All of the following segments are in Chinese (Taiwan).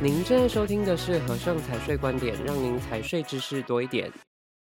您正在收聽的是荷盛財稅觀點，讓您財稅知識多一點。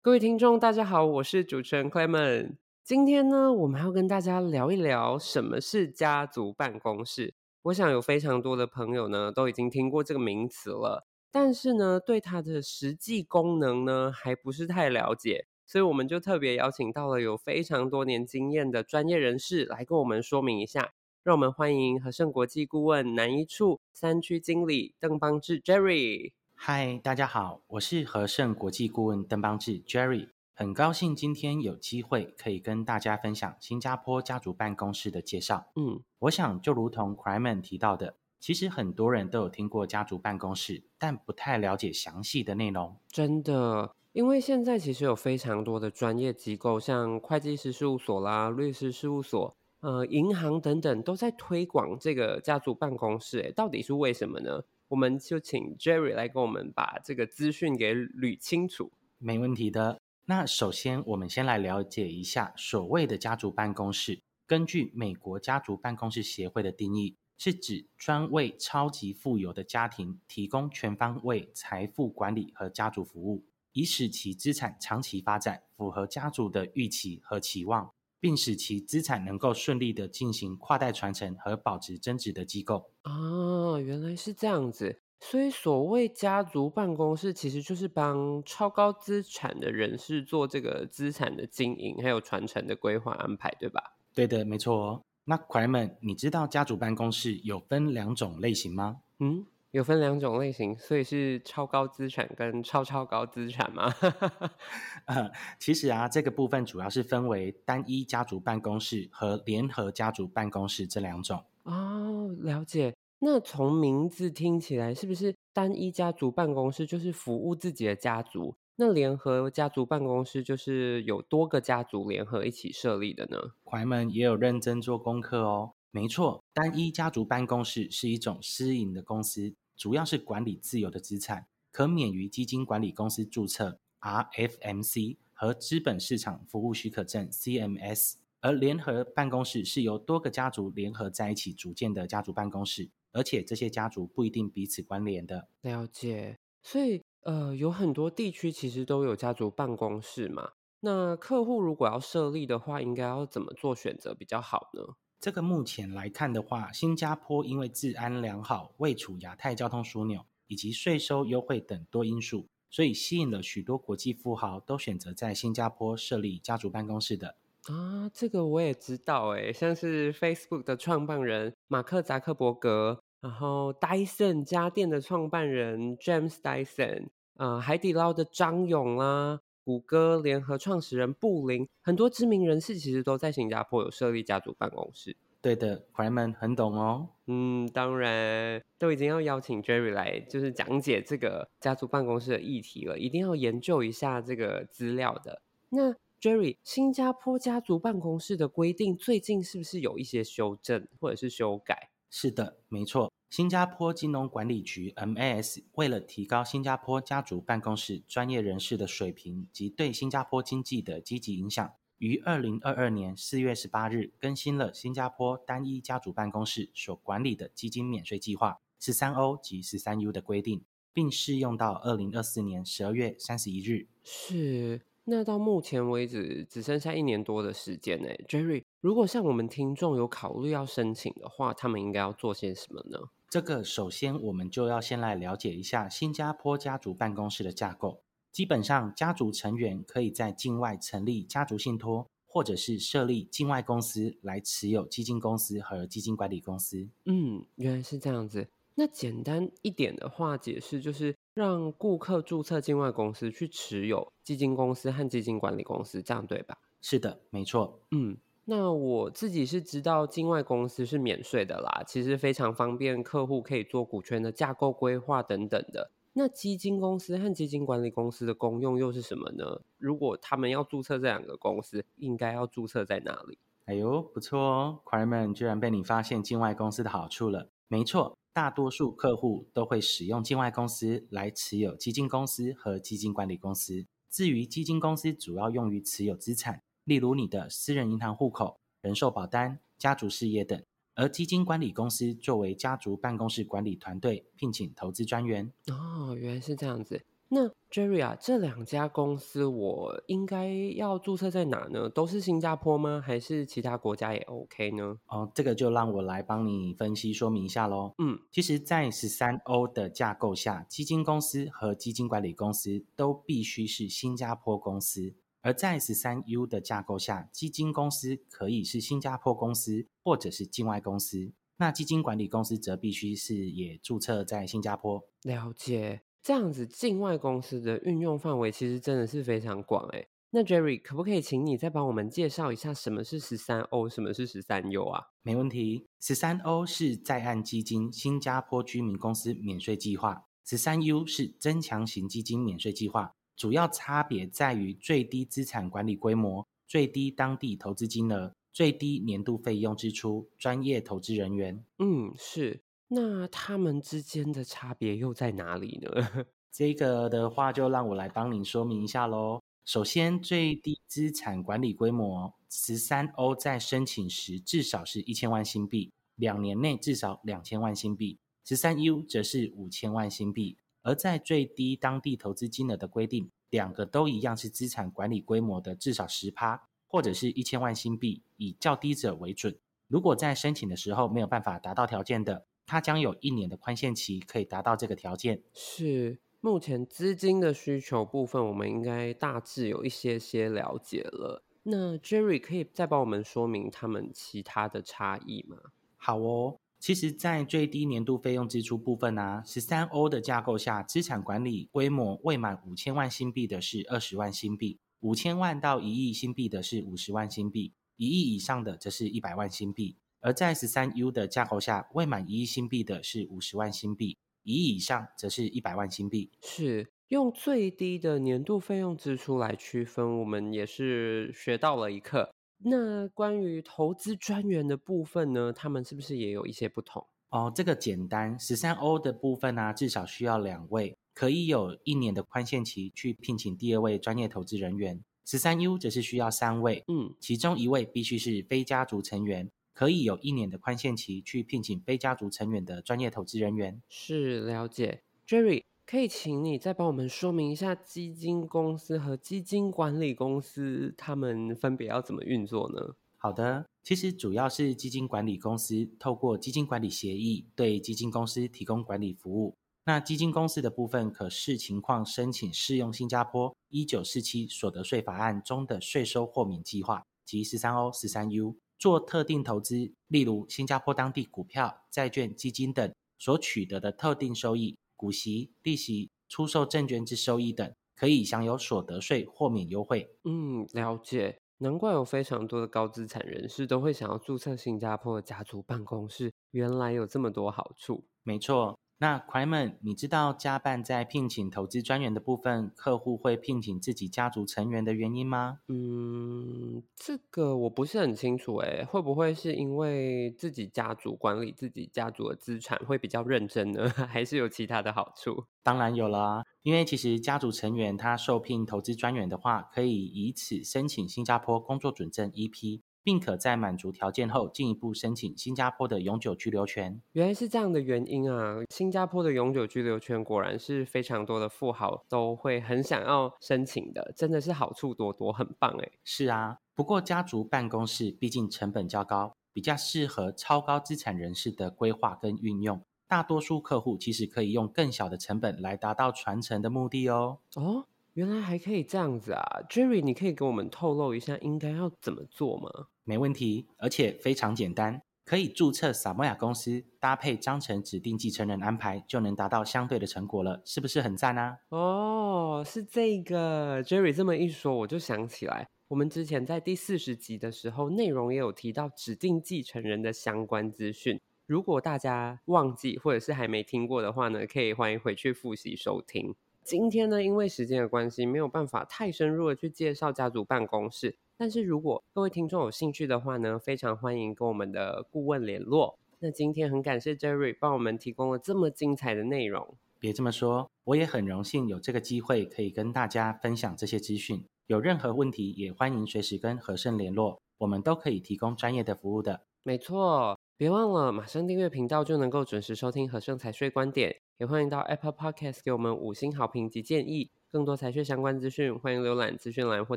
各位聽眾，大家好，我是主持人 Clement。今天呢，我們要跟大家聊一聊什麼是家族辦公室。我想有非常多的朋友呢，都已經聽過這個名詞了，但是呢，對它的實際功能呢，還不是太了解。所以，我們就特別邀請到了有非常多年經驗的專業人士來跟我們說明一下。讓我們歡迎和盛國際顧問南一處三區經理鄧邦志 Jerry。嗨，大家好，我是和盛國際顧問鄧邦志 Jerry。很高興今天有機會可以跟大家分享新加坡家族辦公室的介紹。嗯，我想就如同 Cryman 提到的，其實很多人都有聽過家族辦公室，但不太了解詳細的內容。真的，因為現在其實有非常多的專業機構，像會計師事務所啦、律師事務所。呃，銀行等等都在推廣這個家族辦公室誒，到底是為什麼呢？我們就請 Jerry 來給我們把這個資訊給捋清楚。沒問題的。那首先，我們先來了解一下所謂的家族辦公室。根據美國家族辦公室協會的定義，是指專為超級富有的家庭提供全方位財富管理和家族服務，以使其資產長期發展，符合家族的預期和期望。並使其資產能夠順利的進行跨代傳承和保值增值的機構啊、哦，原來是這樣子，所以所謂家族辦公室其實就是幫超高資產的人士做這個資產的經營，還有傳承的規劃安排，對吧？對的，沒錯哦。那克萊們，你知道家族辦公室有分兩種類型嗎？嗯。有分兩種類型，所以是超高資產跟超超高資產嗎，？ 嗯，其實啊，這個部分主要是分為單一家族辦公室和聯合家族辦公室這兩種。哦，了解。那從名字聽起來，是不是單一家族辦公室就是服務自己的家族？那聯合家族辦公室就是有多個家族聯合一起設立的呢？懷們也有認真做功課哦。沒錯，單一家族辦公室是一種私營的公司，主要是管理自有的資產，可免於基金管理公司註冊 （RFMC） 和資本市場服務許可證 （CMS）。C M、S, 而聯合辦公室是由多個家族聯合在一起組建的家族辦公室，而且這些家族不一定彼此關聯的。了解，所以呃，有很多地區其實都有家族辦公室嘛。那客戶如果要設立的話，應該要怎麼做選擇比較好呢？這個目前來看的話，新加坡因為治安良好、位處亞太交通樞紐以及稅收優惠等多因素，所以吸引了許多國際富豪都選擇在新加坡設立家族辦公室的。啊，這個我也知道，哎，像是 Facebook 的創辦人馬克扎克伯格，然後戴森家電的創辦人 James Dyson，啊，海底撈的張勇啦，啊。谷歌聯合創始人布林，很多知名人士其實都在新加坡有設立家族辦公室。對的，克萊門很懂哦。嗯，當然，都已經要邀請 Jerry 來，就是講解這個家族辦公室的議題了，一定要研究一下這個資料的。那 Jerry，新加坡家族辦公室的規定最近是不是有一些修正或者是修改？是的，沒錯。新加坡金融管理局 MAS 為了提高新加坡家族辦公室專業人士的水平及對新加坡經濟的積極影響，於二零二二年四月十八日更新了新加坡單一家族辦公室所管理的基金免稅計劃十三 O 及十三 U 的規定，並適用到二零二四年十二月三十一日。是。那到目前為止只剩下一年多的時間呢，Jerry。如果像我們聽眾有考慮要申請的話，他們應該要做些什麼呢？這個首先我們就要先來了解一下新加坡家族辦公室的架構。基本上，家族成員可以在境外成立家族信託，或者是設立境外公司來持有基金公司和基金管理公司。嗯，原來是這樣子。那簡單一點的話解釋就是，讓顧客註冊境外公司去持有基金公司和基金管理公司，這樣對吧？是的，沒錯。嗯，那我自己是知道境外公司是免稅的啦，其實非常方便客戶可以做股權的架構規劃等等的。那基金公司和基金管理公司的功用又是什麼呢？如果他們要註冊這兩個公司，應該要註冊在哪裡？哎呦，不錯哦，Crimen 居然被你發現境外公司的好處了。沒錯，大多數客戶都會使用境外公司來持有基金公司和基金管理公司。至於基金公司，主要用於持有資產，例如你的私人銀行戶口、人壽保單、家族事業等。而基金管理公司作為家族辦公室管理團隊，聘請投資專員。哦，原來是這樣子。那 Jerry 啊，這兩家公司我應該要注冊在哪呢？都是新加坡嗎？還是其他國家也 OK 呢？哦，這個就讓我來幫你分析說明一下嘍。嗯，其實，在十三 O 的架構下，基金公司和基金管理公司都必須是新加坡公司；而在十三 U 的架構下，基金公司可以是新加坡公司或者是境外公司，那基金管理公司則必須是也注冊在新加坡。了解。這樣子，境外公司的運用範圍其實真的是非常廣哎、欸。那 Jerry，可不可以請你再幫我們介紹一下什麼是十三 O，什麼是十三 U 啊？沒問題，十三 O 是在岸基金新加坡居民公司免稅計劃，十三 U 是增強型基金免稅計劃，主要差別在於最低資產管理規模、最低當地投資金額、最低年度費用支出、專業投資人員。嗯，是。那他們之間的差別又在哪裡呢？這個的話，就讓我來幫您說明一下嘍。首先，最低資產管理規模十三 O 在申請時至少是一千萬新幣，兩年內至少兩千萬新幣；十三 U 則是五千萬新幣。而在最低當地投資金額的規定，兩個都一樣是資產管理規模的至少十趴，或者是一千萬新幣，以較低者為準。如果在申請的時候沒有辦法達到條件的，它將有一年的寬限期，可以達到這個條件。是目前資金的需求部分，我們應該大致有一些些了解了。那 Jerry 可以再幫我們說明他們其他的差異嗎？好哦，其實，在最低年度費用支出部分啊，十三 O 的架構下，資產管理規模未滿五千萬新幣的是二十萬新幣，五千萬到一億新幣的是五十萬新幣，一億以上的則是一百萬新幣。而在十三 U 的架構下，未滿一億新幣的是五十萬新幣，一億以上則是一百萬新幣。是用最低的年度費用支出來區分，我們也是學到了一課。那關於投資專員的部分呢？他們是不是也有一些不同？哦，這個簡單，十三 O 的部分呢、啊，至少需要兩位，可以有一年的寬限期去聘請第二位專業投資人員。十三 U 則是需要三位，嗯，其中一位必須是非家族成員。可以有一年的寬限期去聘請非家族成員的專業投資人員。是，了解，Jerry，可以請你再幫我們說明一下基金公司和基金管理公司他們分別要怎麼運作呢？好的，其實主要是基金管理公司透過基金管理協議對基金公司提供管理服務。那基金公司的部分，可視情況申請適用新加坡《一九四七所得稅法案》中的稅收豁免計劃，即十三 O、十三 U。做特定投資，例如新加坡當地股票、債券、基金等所取得的特定收益、股息、利息、出售證券之收益等，可以享有所得稅豁免優惠。嗯，了解。難怪有非常多的高資產人士都會想要註冊新加坡的家族辦公室，原來有這麼多好處。沒錯。那 k 們，你知道家辦，在聘請投資專員的部分，客戶會聘請自己家族成員的原因嗎？嗯，這個我不是很清楚、欸，哎，會不會是因為自己家族管理自己家族的資產會比較認真呢？還是有其他的好處？當然有了，因為其實家族成員他受聘投資專員的話，可以以此申請新加坡工作准證 EP。並可在滿足條件後進一步申請新加坡的永久居留權。原來是這樣的原因啊！新加坡的永久居留權果然是非常多的富豪都會很想要申請的，真的是好處多多，很棒哎！是啊，不過家族辦公室畢竟成本較高，比較適合超高資產人士的規劃跟運用。大多數客戶其實可以用更小的成本來達到傳承的目的哦。哦，原來還可以這樣子啊，Jerry，你可以給我們透露一下應該要怎麼做嗎？沒問題，而且非常簡單，可以註冊薩摩亞公司，搭配章程指定繼承人安排，就能達到相對的成果了，是不是很贊啊？哦，是這個，Jerry 這麼一說，我就想起來，我們之前在第四十集的時候，內容也有提到指定繼承人的相關資訊。如果大家忘記或者是還沒聽過的話呢，可以歡迎回去複習收聽。今天呢，因為時間的關係，沒有辦法太深入的去介紹家族辦公室。但是如果各位聽眾有興趣的話呢，非常歡迎跟我們的顧問聯絡。那今天很感謝 Jerry 幫我們提供了這麼精彩的內容。別這麼說，我也很榮幸有這個機會可以跟大家分享這些資訊。有任何問題也歡迎隨時跟荷盛聯絡，我們都可以提供專業的服務的。沒錯，別忘了馬上訂閱頻道就能夠準時收聽荷盛財稅觀點，也歡迎到 Apple Podcast 給我們五星好評及建議。更多財稅相關資訊，歡迎瀏覽資訊欄或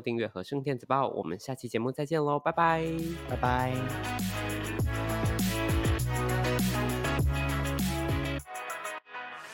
訂閱荷盛電子報。我們下期節目再見嘍，拜拜，拜拜。